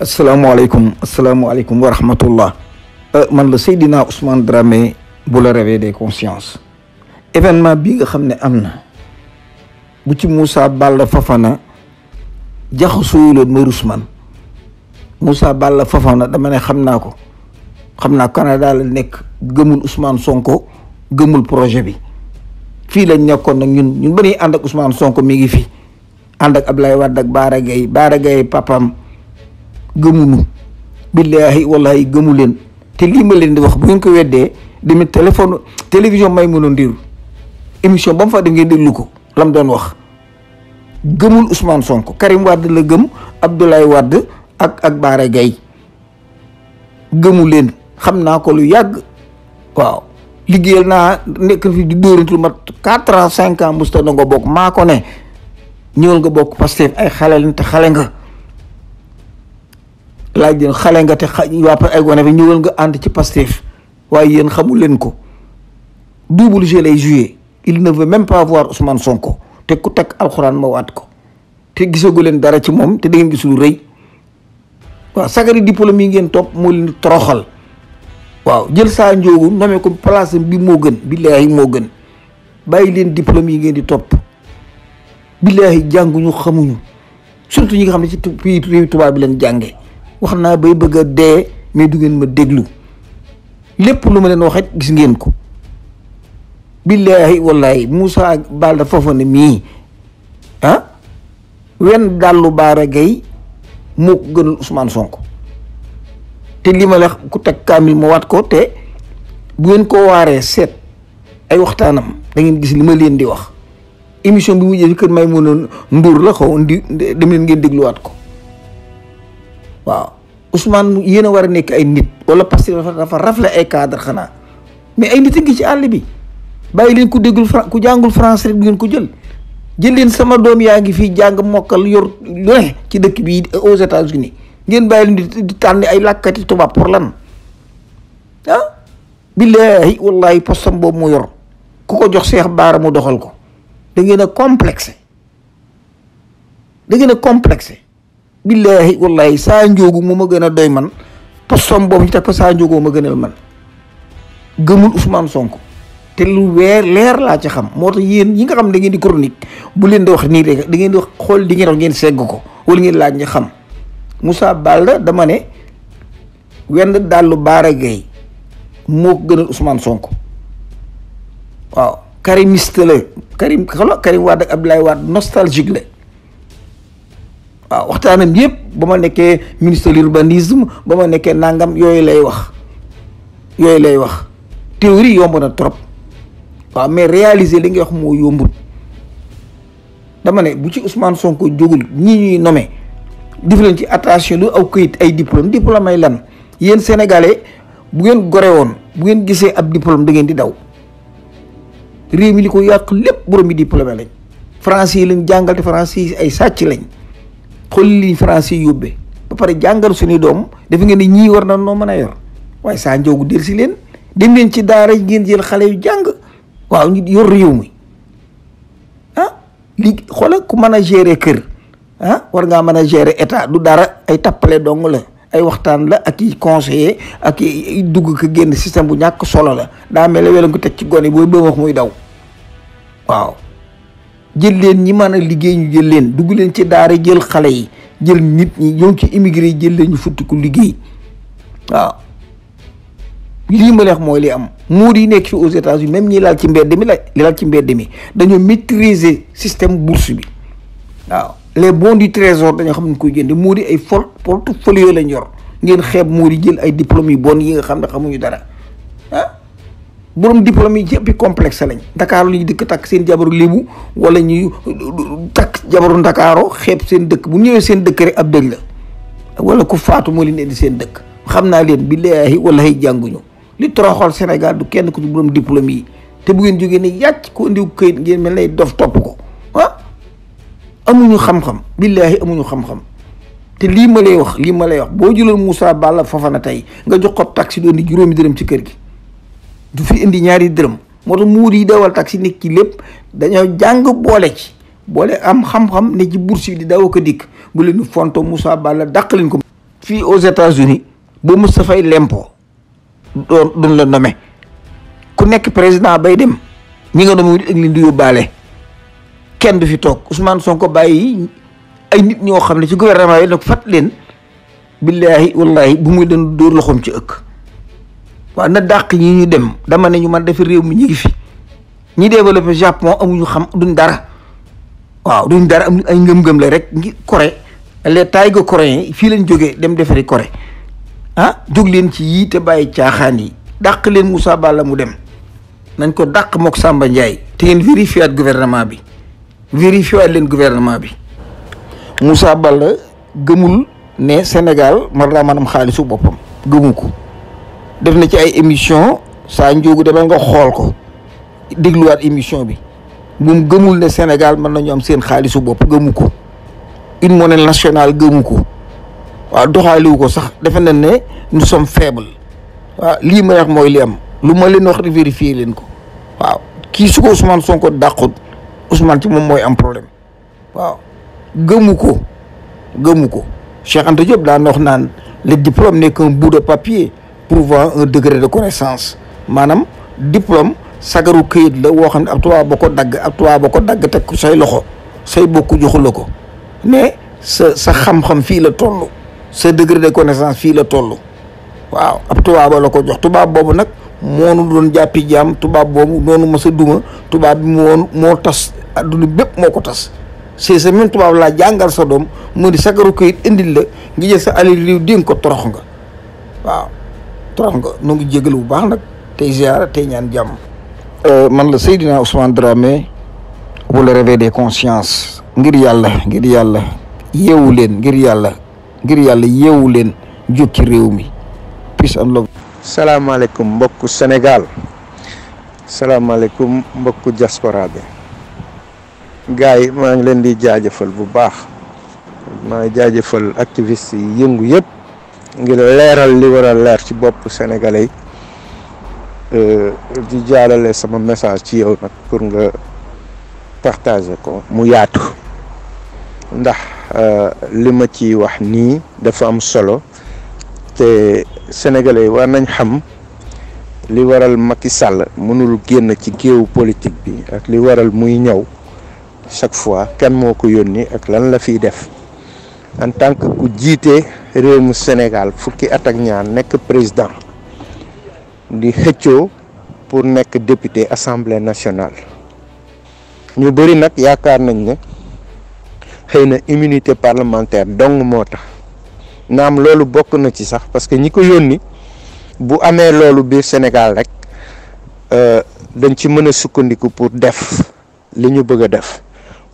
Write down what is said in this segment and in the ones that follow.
asalaamaaleykum asalaamaaleykum wa rahmatullah euh, man la Seydina Ousmane Dramé bu la réveil des consciences événement bi nga xam ne am na bu ci Moussa Balla Fafana jaxasoo loon mooy Ousmane Moussa Balla Fafana dama ne xam naa ko xam naa Canada la nekk gëmul Ousmane Sonko gëmul projet bi fii lañ nekkoon nag ñun ñun ba ñuy ànd ak Ousmane Sonko mi ngi fii ànd ak Ablaye Wade ak Baara Gueye Baara Gueye papam gëmunu billaahi wallaahi gëmu leen te lii ma leen di wax bu ngeen ko weddee demit téléphone télévision may mënoon ndiiru émission ba fa def ngeen déglu ko lam doon wax gëmul Ousmane sonk Karim Wade la gëm Abdoulaye Wade ak ak Baara Gaye gëmu leen xam naa ko lu yàgg waaw liggéeyal naa nekk fi di dóorantu lu mat quatre ans cinq ans musta na nga bokk maa ko ne ñëwal nga bokk Pastef ay xale te xale nga laaj leen xale nga te wa par ay gone ñëwal nga and ci pastef way yeen xamul leen ko double jeu lay jouer il ne veut même pas voir Ousmane Sonko te ku tek alcorane ma wat ko te gisagu leen dara ci mom te da ngeen gis lu reuy wa sagari diplôme yi ngeen top mo leen toroxal wa jël sa njoogu namé ko place bi mo gën lay mo gën bay leen diplôme yi ngeen di top billahi jànguñu xamuñu surtout ñi nga xamni ci pays réew tubaab bi leen jangé wax naa bay bëgg a dee mais du ngeen ma déglu lépp lu ma leen wax gis ngeen ko billaahi wallaahi Moussa Bal da foofa ne mii ah wenn dàllu baara gay moo ko gënal Ousmane Sonko te li ma la ku teg kaamil ma waat ko te bu ngeen ko waaree seet ay waxtaanam da ngeen gis li ma leen di wax émission bi mujjee ci kër may mënoon nduur la xaw ndi dem leen ngeen dégluwaat ko waaw Ousmane yéen a war a nekk ay nit wala parce que dafa rafle ay cadre xanaa mais ay nit a ngi ci àll bi bàyyi leen ku déggul fran ku jàngul français rek ngeen ko jël jël leen sama doom yaa ngi fii jàng mokkal yor lu ne ci dëkk bi aux États-Unis ngeen bàyyi leen di tànn ay làkkati tubaab pour lan ah billaahi wallaahi postam boobu mu yor ku ko jox seex baara mu doxal ko da ngeen a complex da ngeen a complexé billaahi wallaahi saa njóogu moo ma gën a doy man postom boobu ñu teg ko saa njóogoo ma gënal man gëmul Ousmane sonk te lu weer leer laa ci xam moo tax yéen yi nga xam da ngeen di chronique bu leen di wax nii rek da di wax xool di ngeen wax segg ko wala ngeen laa nga xam Moussa Balla dama ne wenn dàllu Baara Gaye moo ko gënal Ousmane Sonko waaw karimiste la Karim xolo Karim Wade ak Abdoulaye Wade nostalgique la waaw waxtaanam yëpp ba ma nekkee ministre de l'urbanisme ba ma nekkee nangam yooyu lay wax yooyu lay wax théorie yomb na trop waaw mais réaliser li ngay wax moo yombul dama ne bu ci Ousmane Sonko jógul ñi ñuy nommé def leen ci attention lu aw këyit ay diplôme diplôme ay lan yéen sénégalais bu ngeen gore woon bu ngeen gisee ab diplôme da ngeen di daw réew mi li ko yàq lépp borom yi diplôme lañ français yi lañ jàngal te français yi ay sàcc lañ xol li français yóbbe ba paré jangal suñu dom def ngeen ni war na no mëna yor way sa ndiogu del ci len dem leen ci daara ngeen jël xalé yu jang waaw ñu yor rew mi ha li ak ku mëna gérer kër ha ah, war nga mëna a gérer état du dara ay tapalé dong la ay waxtaan la ak conseiller ak dugg ko genn système bu ñak solo la da melé ne wela ci goni ci gone wax muy daw waaw jël leen ñi mën a liggéey ñu jël leen dugg leen ci daara jël xale yi jël nit ñi ñoo ci immigré jël leen ñu futti ku liggéey waaw lii ma leex mooy li am moo di nekk fi aux États-Unis même ñi laal ci mbedd mi la li laal ci mbedd mi dañoo maîtriser système bourse bi waaw les bons du trésor dañoo xam ne koy jënd moo di ay fol portfolio lañ yor ngeen xeeb moo di jël ay diplômes yu bon yi nga xam ne xamuñu dara borom diplôme yi yëpp complexe lañ Dakar li ñu dëkk takk seen jabaru lébu wala ñuy euh, takk jabaru Dakaaro xeeb seen dëkk bu ñëwee seen dëkk rek ab dëj la wala ku faatu moo leen indi seen dëkk xam naa leen billaahi wallahi jànguñu li toroxal Sénégal du kenn ku ci borom diplôme yi te bu ngeen jógee ne yàcc ko indiw këyit ngeen mel lay dof topp ko ah amuñu xam-xam billaahi amuñu xam-xam te lii ma lay wax lii ma lay wax boo jëloon Moussa Balla Fofana tey nga jox ko taxi doon di juróomi dërëm ci kër gi du fi indi ñaari dërëm moo tax muur yi dawal si nekk ci lépp dañoo jàng boole ci boole am xam-xam ne ci bourse bi di daw ko dikk bu leen fonto Moussa Balla dàq leen ko. fii aux États-Unis boo mës a fay lempo doon la nommé ku nekk président bay dem ñi nga nommé ak leen di yóbbaale kenn du fi toog Ousmane Sonko bàyyi ay nit ñoo xam ne ci gouvernement yi nag fat leen billaahi wallaahi bu muy doon dóor loxoom ci ëkk. waaw na dàq ñi ñu dem dama ne ñu man dafa réew mi ñu ngi fi ñi développé Japon amuñu xam duñ dara waaw duñ dara am ay ngëm-ngëm la rek ngi Corée les taïga coréens yi fii lañ jógee dem defari Corée ah jóg leen ci yii te bàyyi caaxaan yi dàq leen musaa Balla mu dem nañ ko dàq mook sàmba Ndiaye te ngeen vérifié at gouvernement bi vérifié at leen gouvernement bi Moussa Balla gëmul ne Sénégal man laa maanaam xaalisu boppam gëmu ko def na ci ay émission sa njóogu demal nga xol ko wat émission bi moom gëmul ne Sénégal mën nañu am seen xaalisu bop gëmu une monnaie nationale gëmu wa doxali doxaaliwu ko sax def nañ ne nous sommes faibles wa li may wax moy li am luma leen wax vérifier leen ko wa ki su Ousmane Sonko dàqut Ousmane ci mom moy am problème wa gëmu ko Cheikh Anta Diop daan wax le diplôme n'est qu'un bout de papier prouvant un degré de connaissance maanaam diplôme sagaru kayit la woo xam ne ab tubaab ba ko dagg ab tubaab ba ko dagg teg ko say loxo say bokk joxu la ko mais sa sa xam-xam fii la toll sa degré de connaissance fii la toll waaw ab tubaab ba la ko jox tubaab boobu nag moonu doon jàppi jaam tubaab boobu noonu ma sa duma tubaab bi moo tas adduna bépp moo ko tas c'est ce tubaab laa jàngal sa doom moo di sagaru këyit indil la ngi jël sa alal réew ko torox nga waaw toral nga nu ngi jégalu bu baax nag tey ziara tey ñaan jàmm. Euh, man la Seydina Ousmane Dramé wala réveil de consciences ngir yàlla ngir yàlla yeewu leen ngir yàlla ngir yàlla yeewu leen ci réew mi peace and love. salaamaaleykum mbokku Sénégal salaamaaleykum mbokku diaspora bi gars yi maa ngi leen di jaajëfal bu baax maa ngi jaajëfal activiste yi yëngu yëpp. ngir leeral li waral leer ci bopp sénégalais yi euh, di jaarale sama message ci yow nag pour nga partager ko mu yaatu ndax euh, li ma ci wax nii dafa am solo te sénégalais yi war nañ xam li waral Macky Sall mënul génn ci géewu politique bi ak li waral muy ñëw chaque fois kenn moo ko yónni ak lan la fiy def en tant que ku jiite réew mu Sénégal fukki at ak ñaar nekk président di xëccoo pour nekk député assemblée nationale ñu bëri nag yaakaar nañ ne xëy na immunité parlementaire dong moo tax na am loolu bokk na ci sax parce que ñi ko yónni bu amee loolu biir Sénégal rek euh, dañ ci mën a sukkandiku pour def li ñu bëgg a def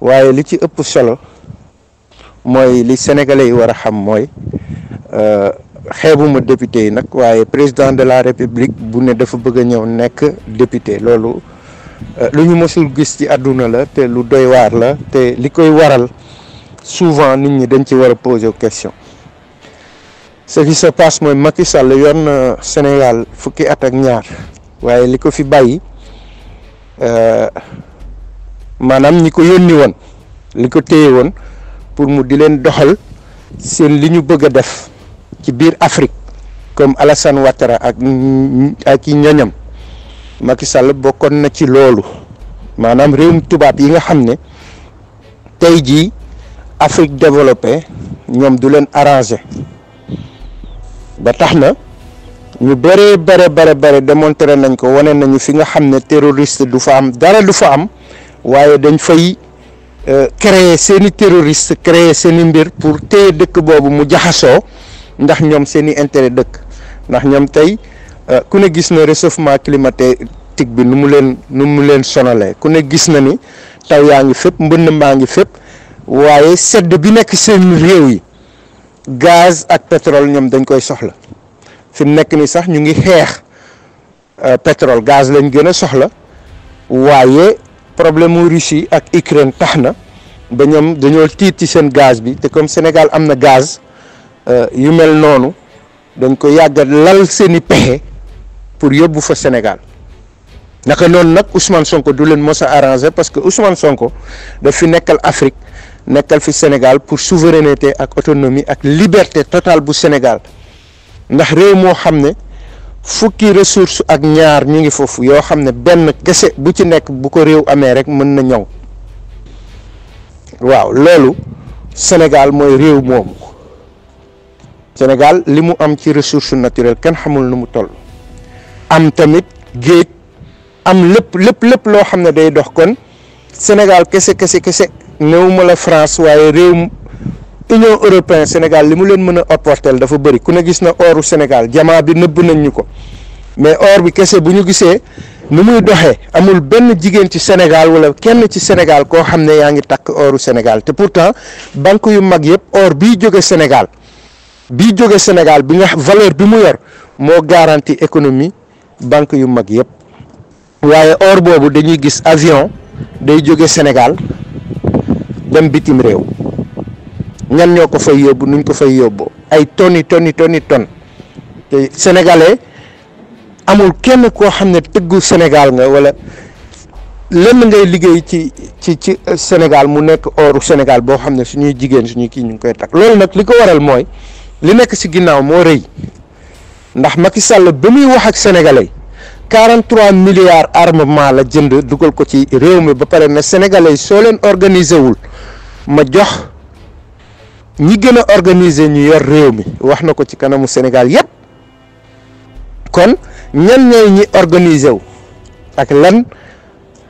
waaye li ci ëpp solo. mooy li sénégalais yi war a xam mooy euh, xeebuma député yi nag waaye président de la république bu ne dafa bëgg a ñëw nekk député loolu euh, lu ñu mësul gis ci àdduna la te lu doy waar la te li koy waral souvent nit ñi dañ ci war a poser question ce qui se passe mooy Macky yoon Sénégal fukki at ak ñaar waaye li ko fi bàyyi euh, maanaam ñi ko yónni woon li ko téye woon pour mu di len doxal seen liñu bëgg def ci biir Afrique comme Alassane Ouattara ak ak ñoñam Macky Sall bokkon na ci loolu manam rewum tubaab yi nga xamne tay ji Afrique développé ñom du len arranger ba taxna ñu bare bare bare bare démontrer nañ ko wane nañu fi nga xam terroriste du fa am dara du fa am waaye dañ fay Euh, créer seeni terroriste créer seeni mbir pour téye dëkk boobu mu jaxasoo ndax ñoom seeni intérêt dëkk ndax ñoom tey euh, ku ne gis na réchauffement climatique bi nu mu leen nu mu leen sonalee ku ne gis na ni taw yaa ngi fépp mbënd maa ngi fépp waaye sedd bi nekk seen réew yi gaz ak pétrole ñoom dañ koy soxla fi mu nekk ni sax ñu ngi xeex euh, pétrole gaz lañ gën a soxla waaye problème Russie ak Ukraine taxna ba ñom dañu tiit sen gaz bi té comme Sénégal amna gaz gaz euh, yu mel nonu dañ ko yàgga lal seni pexe pour yóbbu fa Sénégal naka noonu nag Ousmane Sonko du leen mos arranger parce que Ousmane Sonko da fi nekkal Afrique nekkal fi Sénégal pour souveraineté ak autonomie ak liberté totale bu Sénégal ndax réew mo xamné fukki ressource ak ñaar ñu ngi foofu yoo xam ne benn kese bu ci nekk bu ko réew amee rek mën na ñëw waaw loolu Sénégal mooy réew moomu Sénégal li mu am ci ressource naturel kenn xamul nu mu toll am tamit géej am lépp lépp lépp loo xam ne day dox kon Sénégal kese kese kese néew ma la France waaye réew union européen Sénégal limu len meuna apporter dafa bëri ku ne gis na oru Sénégal jama bi neub nañ ñuko mais or bi kessé bu ñu gisee nu muy doxé amul benn jigéen ci Sénégal wala kenn ci Sénégal ko xamné ne yaa ngi takk oru Sénégal té pourtant banque yu mag yépp or bi joggé Sénégal bi joggé Sénégal bi nga valeur bi mu yor mo garantie économie banque yu mag yépp waaye or bobu dañuy gis avion day joggé Sénégal dem bitim réew. ñan ñoo ko fay yóbbu nuñ ko fay yóbboo ay toni toni toni ton te sénégalais amul kenn koo xam ne tëggu Sénégal nga wala lenn ngay liggéey ci ci ci euh, Sénégal mu nekk ooru Sénégal boo xam ne suñuy jigéen suñuy kii ñu ngi koy takk loolu nag li ko waral mooy li nekk si ginnaaw moo rëy ndax Macky Sall ba muy wax ak sénégalais 43 milliards armement la jënd dugal ko ci réew mi ba pare ne sénégalais soo leen organisé wul ma jox. ñi gën a organiser ñu yor réew mi wax na ko ci kanamu Sénégal yépp kon ñan ñooy ñi organiser wu ak lan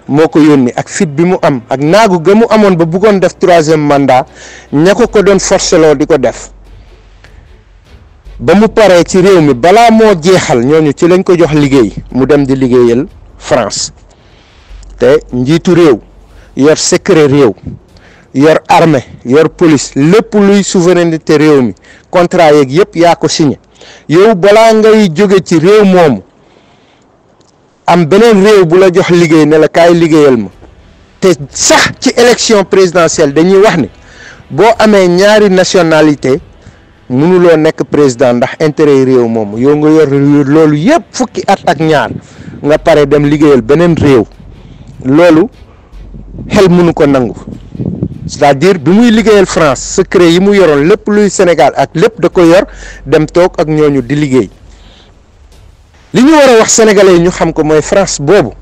moo ko yónni ak fit bi mu am ak naagu ga mu amoon ba buggoon def troisième mandat ña ko ko doon forcer loo di ko def ba mu paree ci réew mi balaa moo jeexal ñooñu ci lañ ko jox liggéey mu dem di liggéeyal France te njiitu réew yor secret réew. yor armée yor police lépp luy souveraineté réew mi contrat yeeg yëpp yaa ko signé yow balaa ngay jóge ci réew moomu am beneen réew bu la jox liggéey ne la kaay liggéeyal ma te sax ci élection présidentielle dañuy wax ni boo amee ñaari nationalité mënuloo nekk président ndax intérêt yi réew moomu yow nga yor loolu yëpp fukki at ak ñaar nga pare dem liggéeyal beneen réew loolu xel mënu ko nangu. c'est-à-dire bi muy liggéeyal France secret yi mu yoroon lépp luy Sénégal ak lépp da ko yor dem toog ak ñooñu di liggéey li ñu war wax sénégalais yi ñu xam ko mooy France boobu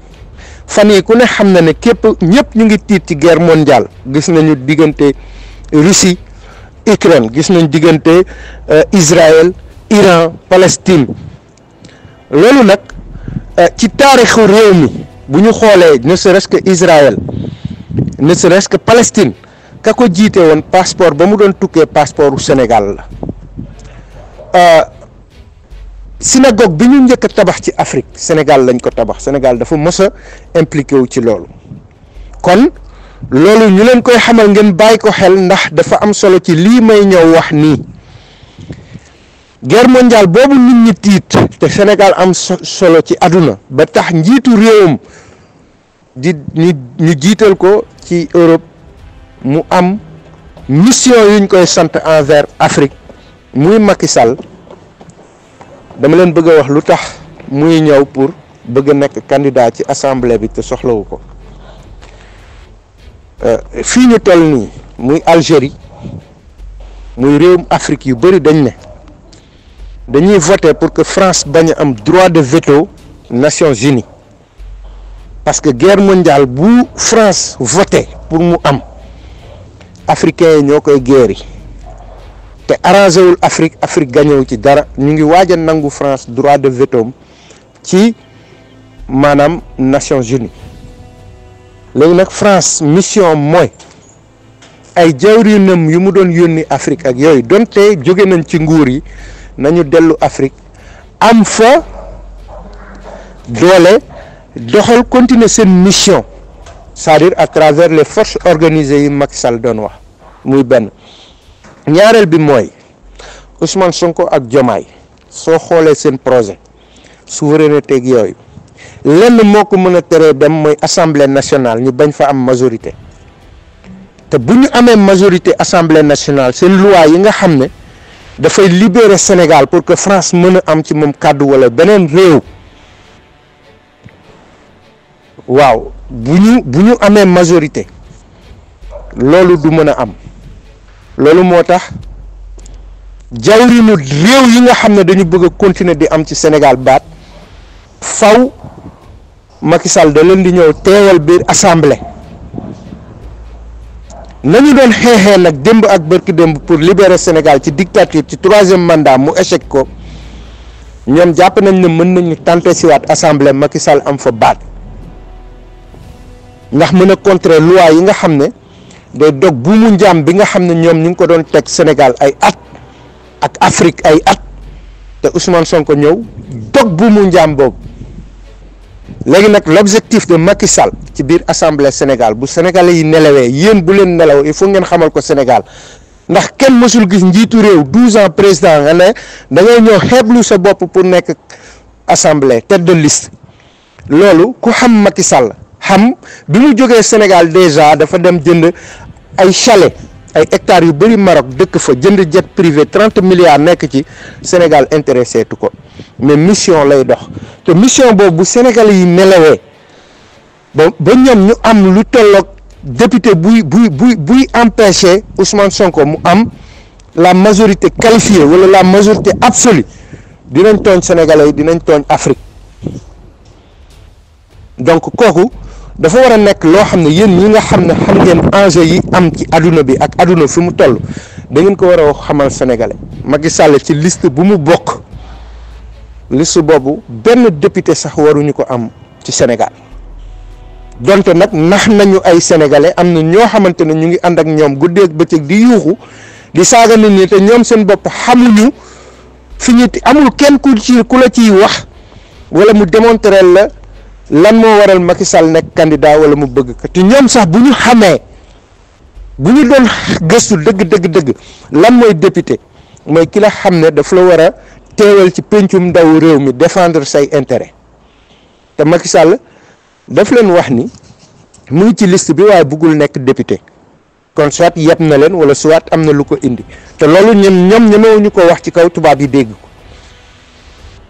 fan yi ku ne xam na ne képp ñëpp ñu ngi tiit ci guerre mondiale gis nañu diggante Russie Ukraine gis nañ diggante euh, Israël Iran Palestine loolu nag euh, ci taarixu réew mi bu ñu xoolee ne serait que Israël ne serait-ce que Palestine kako jite won woon passeport ba mu doon tukkee passeportu Sénégal la euh, synagogue bi ñu njëkk tabax ci Afrique Sénégal lañ ko tabax Sénégal dafa mësa impliqué wu ci loolu kon loolu ñu leen koy xamal ngeen bàyyi ko xel ndax dafa am solo ci li may ñëw wax ni guerre mondiale bobu nit ñi tiit te Sénégal am solo ci aduna ba tax njiitu réewum di ñu ko ci Europe. mu am mission yuñ koy sant envers Afrique muy Macky Sall dama leen bëgg wax lutax muy ñew pour bëgg a nekk candidat ci assemblée bi te wu ko euh, fii ñu toll ni muy Algérie muy réewum Afrique yu bari dañ ne dañuy voter pour que France bañ am droit de veto Nations Unies parce que guerre mondiale bu France voté pour mu am. africains yi ñoo koy guerri te arrangé wul Afrique Afrique gañewu ci dara ñu ngi waaj a nangu France droit de veto ci maanaam Nations Unies léegi nag France mission mooy ay jawrinam yu mu doon yónni Afrique ak yooyu donte jóge nañ ci nguur yi nañu dellu Afrique am fa doole doxal continuer seen mission. c'est-à-dire à travers les forces organisées de Macky Sall muy ben. le bi Ousmane Sonko ak projet souveraineté ak yoy. lenn moko meuna téré dem assemblée nationale ñu bañ fa am majorité Té bu amé majorité assemblée nationale C'est loi yi nga libérer Sénégal pour que France meuna am ci mom Wow, bu ñu bu majorité du am Lolo moo tax jawriñu réew yi nga xam ne dañu de a continuer di am ci Sénégal baat faw Macky da leen di ñëw teewal biir assemblée nañu doon xeexee nag ak pour libérer Sénégal ci dictature ci troisième mandat mu échec ko ñoom jàpp nañ ne mën nañu tenter siwaat assemblée Macky am fa ndax mëna contrer loi yi nga xamné ne day dog bu mu ndiam bi nga xamné ñom ñoom ñu ko doon teg Sénégal ay at ak Afrique ay at té Ousmane Sonko ñew dog bu mu ndiam boobu légui nak l'objectif de Macky Sall ci biir assemblée Sénégal bu sénégalais yi nelawee yeen bu leen nelaw il faut ngeen xamal ko Sénégal ndax kenn mësul gis njiitu réew 12 ans président nga ne da ngay ñëw xeeblu sa bop pour nekk assemblée tête de liste lolu ku xam Macky Sall ham bi mu jógee Sénégal déjà dafa dem jënd ay chalet ay hectares yu bari Maroc dëkk fa jënd jet privé 30 milliards nek ci Sénégal intéressé tout ko mais mission lay dox te mission bobu bu Sénégal yi nelawee ba ba ñu am lu tollok député buy buy buy buy empêcher, Ousmane Sonko mu am la majorité qualifiée wala la majorité absolue dinañ tooñ Sénégalais yi dinañ tooñ Afrique donc kooku dafa war a nekk loo xam ne yéen ñi nga xam ne xam ngeen enjeu yi am ci àdduna bi ak àdduna fi mu toll da ngeen ko war a xamal sénégalais Macky Sall ci liste bu mu bokk liste boobu benn député sax waruñu ko am ci senegal donte nag nax nañu ay sénégalais am na ñoo xamante ne ñu ngi ànd ak ñoom guddeeg bëccëg di yuuxu di saaga nit ñi te ñoom seen bopp xamuñu fi ñu amul kenn ku ci ku la ciy wax wala mu démontrer la lan moo waral Macky Sall nekk candidat wala mu bëgg ko te ñoom sax bu ñu xamee bu ñu doon gëstu dëgg dëgg lan mooy député mooy ki la xam ne daf la war a teewal ci péncum ndaw réew mi défendre say intérêt te Macky Sall daf leen wax ni mu ngi ci liste bi waaye bëggul nekk député kon soit yeb na leen wala soit am na lu ko indi te loolu ñun ñoom ñu ko wax ci kaw tubaab yi bégg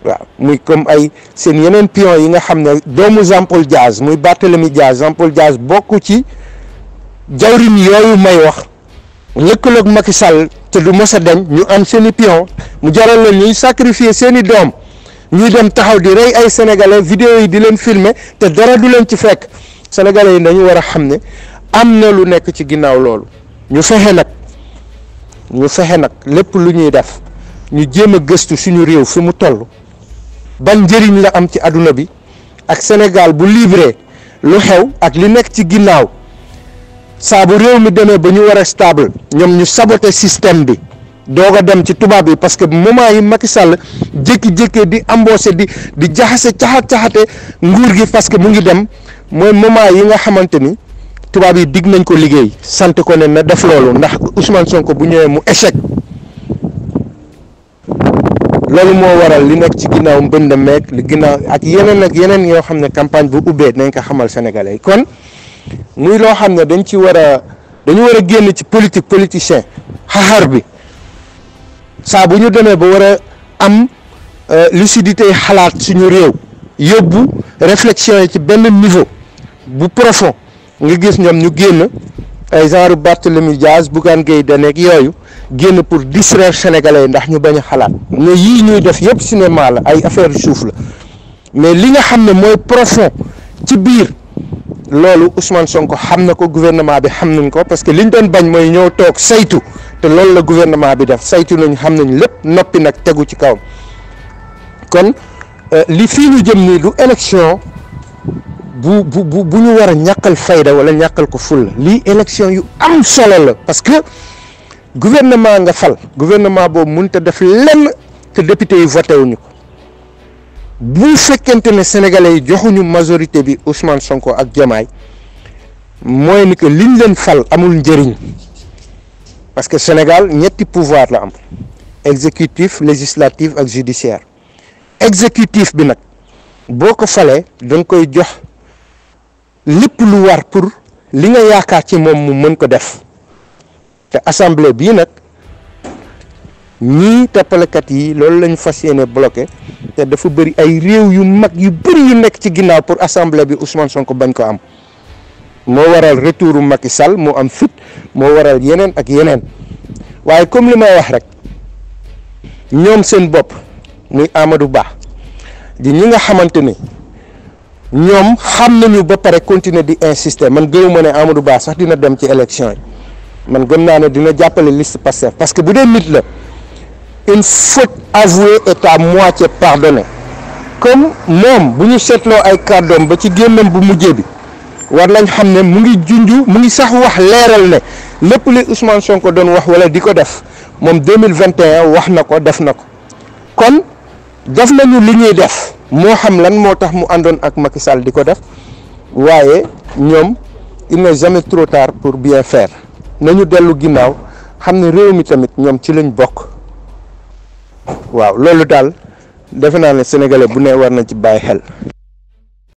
waaw muy comme ay seen yeneen pion yi nga xam ne doomu Jean Paul Diaz muy Barthélemy Diaz Jean Paul Diaz bokk ci jawrin yooyu may wax lëkkaloog Macky Sall te du mos a ñu am seen pion mu jaral la ñuy sacrifier seeni doom ñuy dem taxaw di rey ay sénégalais vidéo yi di leen filmer te dara du leen ci fekk sénégalais yi dañu war a xam ne am na lu nekk ci ginnaaw loolu ñu fexe nag ñu fexe nag lépp lu ñuy def ñu jéem a gëstu suñu réew fi mu toll. ban njëriñ la am ci àdduna bi ak Sénégal bu libre lu xew ak li nekk ci ginnaaw saa réew mi demee ba ñu war a stable ñoom ñu sabote système bi doog a dem ci tubaab yi parce que moment yi Macky Sall jékki-jékkee di embauché di di jaxase caxat caxate nguur gi parce que mu ngi dem mooy moment yi nga xamante ni tubaab yi digg nañ ko liggéey sant ko ne na def loolu ndax Ousmane Sonko bu ñëwee mu échec. loolu moo waral li nekk ci ginnaaw mbënd meek li ginnaaw ak yeneen ak yeneen yoo xam ne campagne bu ubbee dinañ ko xamal sénégalais kon muy loo xam ne dañ ci war a dañu war a génn ci politique politicien xaxar bi saa bu ñu demee ba war a am euh, lucidité xalaat suñu réew yóbbu réflexion yi ci benn niveau bu profond nga gis ñoom ñu génn ay genre Barthélemy Dias Bougane Gueye Dany ak yooyu génn pour distraire sénégalais yi ndax ñu bañ a xalaat ne yii ñuy def yëpp cinéma la ay affaire suuf la mais li nga xam ne mooy profond ci biir loolu Ousmane Sonko xam na ko gouvernement bi xam nañ ko parce que liñ doon bañ mooy ñëw toog saytu te loolu la gouvernement bi def saytu nañ xam nañ lépp noppi nag tegu ci kawam kon li fii ñu jëm nii du élection bu bu bu ñu war a ñàkkal fayda wala ñàkkal ko ful li élection yu am solo la parce que gouvernement nga fal gouvernement boobu mënut a def lenn te député yi voté ko bu fekkente ne sénégalais yi joxuñu majorité bi Ousmane Sonko ak Diomaye mooy ni que liñ leen fal amul njëriñ parce que Sénégal ñetti pouvoir la am exécutif législatif ak judiciaire exécutif bi nag boo ko falee da koy jox lépp lu war pour li nga yaakaar ci moom mu mën ko def. te assemblée bi nak ñii tappalekat yi loolu lañ fas bloqué te dafa bëri ay réew yu mag yu bëri yu nekk ci ginnaw pour assemblée bi Ousmane Sonko bañ ko am mo waral retouru Macky Sall mo am fit mo waral yenen ak yenen. waye comme limay wax rek ñom seen bop muy Amadou Ba di ñi nga xamanteni ñom xam nañu ba pare continuer di insister man gëwuma né Amadou Ba sax dina dem ci élection yi man gëm naa ne dina jàppale liste parce que bu dee nit la une faute avouée est à moitié pardonnée comme moom bu ñu seetloo ay kàddoom ba ci gémmam bu mujjee bi war nañ xam mu ngi mu ngi sax ne Ousmane Sonko wax wala 2021 wax na ko def na ko kon def nañu li ñuy def moo xam lan moo mu Macky Sall il n'est jamais trop tard pour bien faire nañu dellu ginnaaw xam ne réew mi tamit ñoom ci lañu bokk waaw loolu daal defe naa ne sénégalais bu nee war na ci bàyyi xel.